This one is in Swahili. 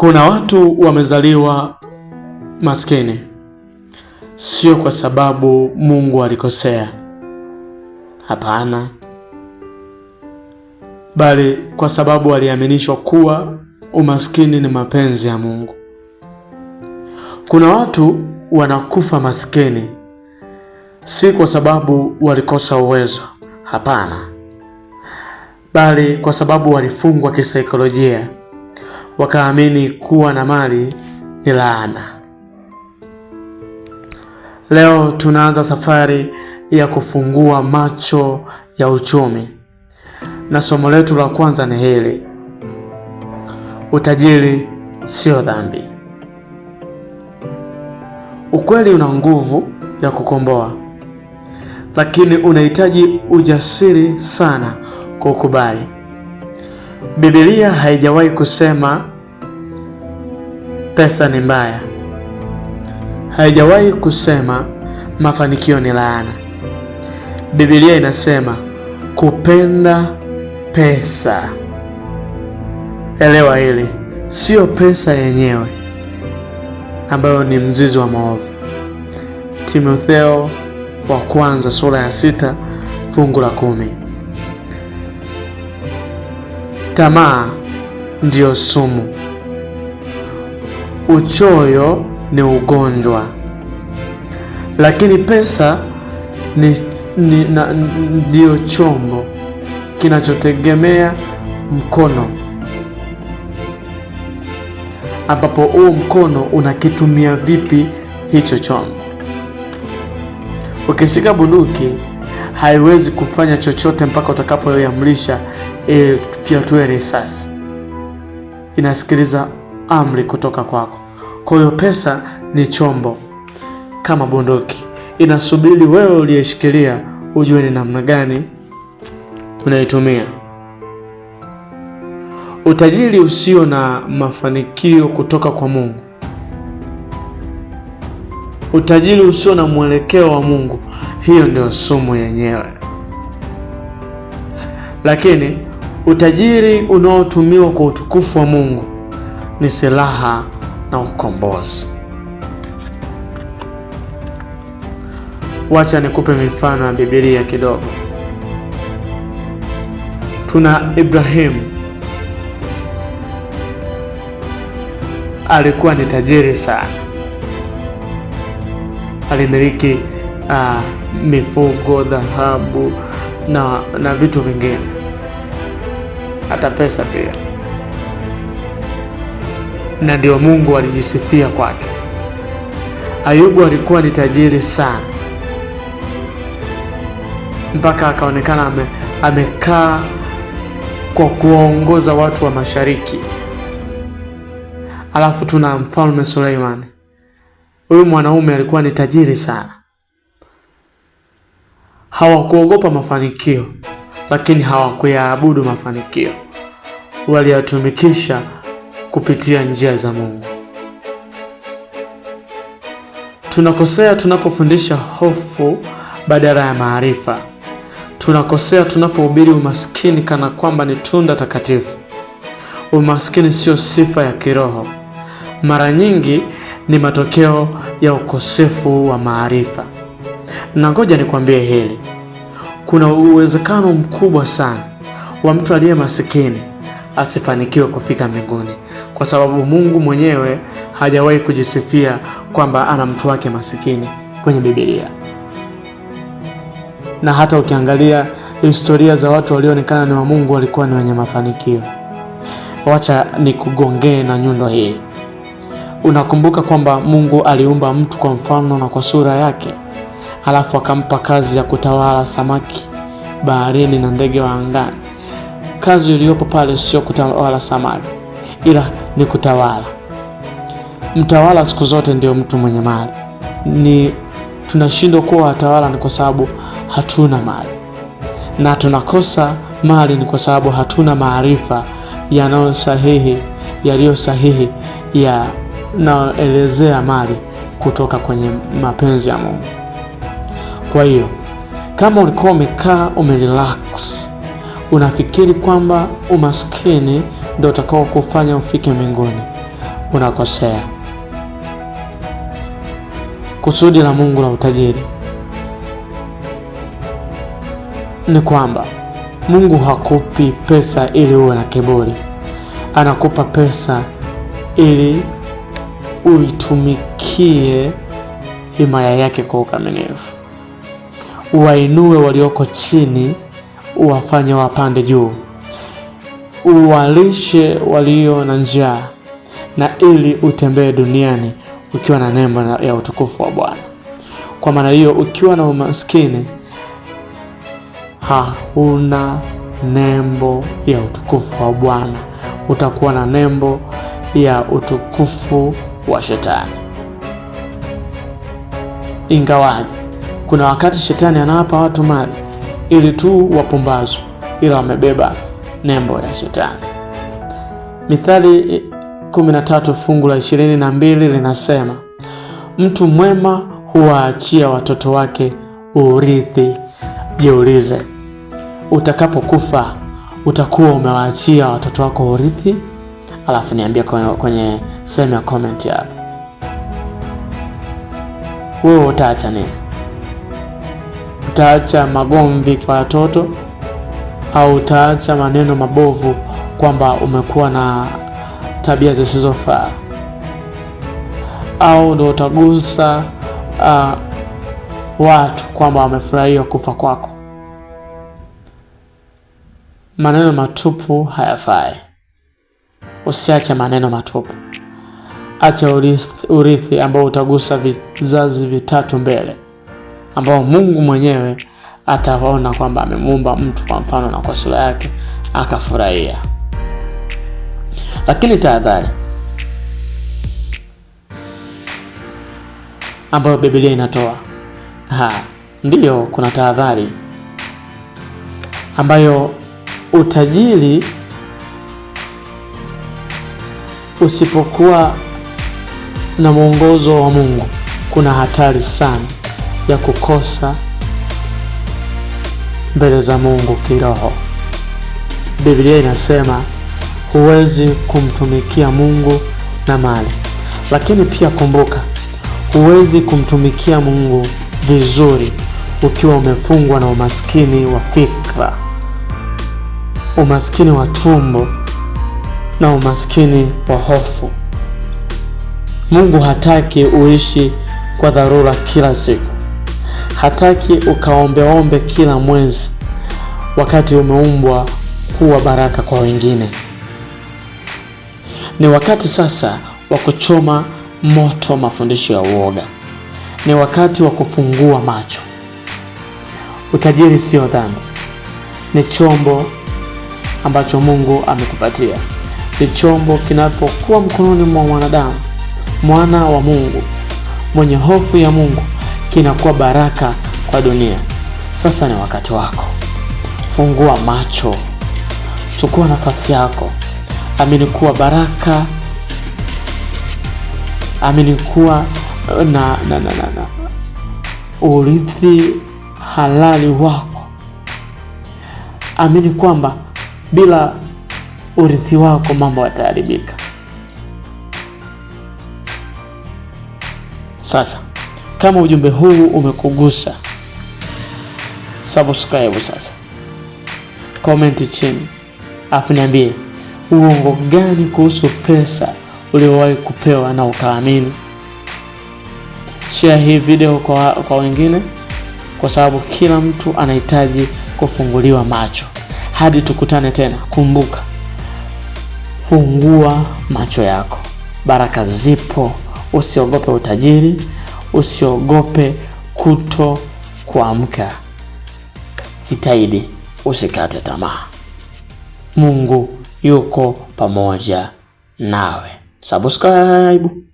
Kuna watu wamezaliwa maskini, sio kwa sababu Mungu alikosea, hapana, bali kwa sababu waliaminishwa kuwa umaskini ni mapenzi ya Mungu. Kuna watu wanakufa maskini, si kwa sababu walikosa uwezo, hapana, bali kwa sababu walifungwa kisaikolojia wakaamini kuwa na mali ni laana. Leo tunaanza safari ya kufungua macho ya uchumi, na somo letu la kwanza ni hili: utajiri sio dhambi. Ukweli una nguvu ya kukomboa, lakini unahitaji ujasiri sana kukubali. Biblia haijawahi kusema pesa ni mbaya. Haijawahi kusema mafanikio ni laana. Biblia inasema kupenda pesa. Elewa hili, siyo pesa yenyewe ambayo ni mzizi wa maovu. Timotheo wa kwanza sura ya sita fungu la kumi. Tamaa ndiyo sumu uchoyo ni ugonjwa, lakini pesa ni, ni, na, ndiyo chombo kinachotegemea mkono ambapo huo mkono unakitumia vipi hicho chombo. Ukishika bunduki haiwezi kufanya chochote mpaka utakapoiamrisha eh, fyatue risasi. Inasikiliza amri kutoka kwako. Kwa hiyo pesa ni chombo kama bunduki, inasubiri wewe uliyeshikilia ujue ni namna gani unaitumia. Utajiri usio na mafanikio kutoka kwa Mungu, utajiri usio na mwelekeo wa Mungu, hiyo ndio sumu yenyewe. Lakini utajiri unaotumiwa kwa utukufu wa Mungu ni silaha na ukombozi. Wacha nikupe mifano ya Biblia kidogo. Tuna Ibrahimu, alikuwa ni tajiri sana, alimiliki uh, mifugo, dhahabu na, na vitu vingine, hata pesa pia na ndio Mungu alijisifia kwake. Ayubu alikuwa ni tajiri sana mpaka akaonekana ame, amekaa kwa kuwaongoza watu wa mashariki. Alafu tuna mfalme Suleimani. Huyu mwanaume alikuwa ni tajiri sana, hawakuogopa mafanikio, lakini hawakuyaabudu mafanikio, waliyatumikisha kupitia njia za Mungu. Tunakosea tunapofundisha hofu badala ya maarifa. Tunakosea tunapohubiri umaskini kana kwamba ni tunda takatifu. Umaskini sio sifa ya kiroho, mara nyingi ni matokeo ya ukosefu wa maarifa. Na ngoja nikwambie hili, kuna uwezekano mkubwa sana wa mtu aliye masikini asifanikiwe kufika mbinguni kwa sababu Mungu mwenyewe hajawahi kujisifia kwamba ana mtu wake masikini kwenye Biblia. Na hata ukiangalia historia za watu walioonekana ni wa Mungu walikuwa ni wenye mafanikio. Wacha nikugongee na nyundo hii. Unakumbuka kwamba Mungu aliumba mtu kwa mfano na kwa sura yake, alafu akampa kazi ya kutawala samaki baharini na ndege wa angani. Kazi iliyopo pale sio kutawala samaki, ila ni kutawala. Mtawala siku zote ndio mtu mwenye mali. Ni tunashindwa kuwa watawala ni kwa sababu hatuna mali, na tunakosa mali ni kwa sababu hatuna maarifa yanayo sahihi yaliyo sahihi yanayoelezea mali kutoka kwenye mapenzi ya Mungu. Kwa hiyo kama ulikuwa umekaa umerelax, unafikiri kwamba umaskini ndio utakao kufanya ufike mbinguni unakosea. Kusudi la Mungu la utajiri ni kwamba Mungu hakupi pesa ili uwe na kiburi, anakupa pesa ili uitumikie himaya yake kwa ukamilifu, wainue walioko chini, uwafanye wapande juu uwalishe walio na njaa, na ili utembee duniani ukiwa na neema ya utukufu wa Bwana. Kwa maana hiyo, ukiwa na umaskini hauna nembo ya utukufu wa Bwana, utakuwa na nembo ya utukufu wa Shetani. Ingawaji kuna wakati Shetani anawapa watu mali ili tu wapumbazwe, ila wamebeba nembo ya Shetani. Mithali 13 eh, fungu la 22 linasema, mtu mwema huwaachia watoto wake urithi. Jiulize, utakapokufa utakuwa umewaachia watoto wako urithi? Alafu niambia kwenye, kwenye sehemu ya comment hapo, wewe utaacha nini? Utaacha magomvi kwa watoto? au utaacha maneno mabovu kwamba umekuwa na tabia zisizofaa, au ndo utagusa uh, watu kwamba wamefurahia kufa kwako. Maneno matupu hayafai. Usiache maneno matupu, acha urithi ambao utagusa vizazi vitatu mbele, ambao Mungu mwenyewe ataona kwamba amemuumba mtu kwa mfano na kwa sura yake akafurahia. Lakini tahadhari ambayo Biblia inatoa ha, ndiyo kuna tahadhari ambayo utajiri usipokuwa na mwongozo wa Mungu kuna hatari sana ya kukosa mbele za Mungu kiroho. Biblia inasema huwezi kumtumikia Mungu na mali, lakini pia kumbuka, huwezi kumtumikia Mungu vizuri ukiwa umefungwa na umaskini wa fikra, umaskini wa tumbo na umaskini wa hofu. Mungu hataki uishi kwa dharura kila siku. Hataki ukaombeombe kila mwezi wakati umeumbwa kuwa baraka kwa wengine. Ni wakati sasa wa kuchoma moto mafundisho ya uoga. Ni wakati wa kufungua macho. Utajiri sio dhambi, ni chombo ambacho Mungu ametupatia, ni chombo kinapokuwa mkononi mwa mwanadamu, mwana wa Mungu mwenye hofu ya Mungu kinakuwa baraka kwa dunia. Sasa ni wakati wako, fungua macho, chukua nafasi yako, amini kuwa baraka, amini kuwa eh, na, na, na, na, na, urithi halali wako. Amini kwamba bila urithi wako mambo yataharibika. Sasa kama ujumbe huu umekugusa, subscribe sasa, comment chini afu niambie uongo gani kuhusu pesa uliowahi kupewa na ukaamini. Share hii video kwa, kwa wengine, kwa sababu kila mtu anahitaji kufunguliwa macho. Hadi tukutane tena, kumbuka, fungua macho yako. Baraka zipo, usiogope utajiri usiogope kuto kuamka. Jitahidi usikate tamaa, Mungu yuko pamoja nawe. Subscribe.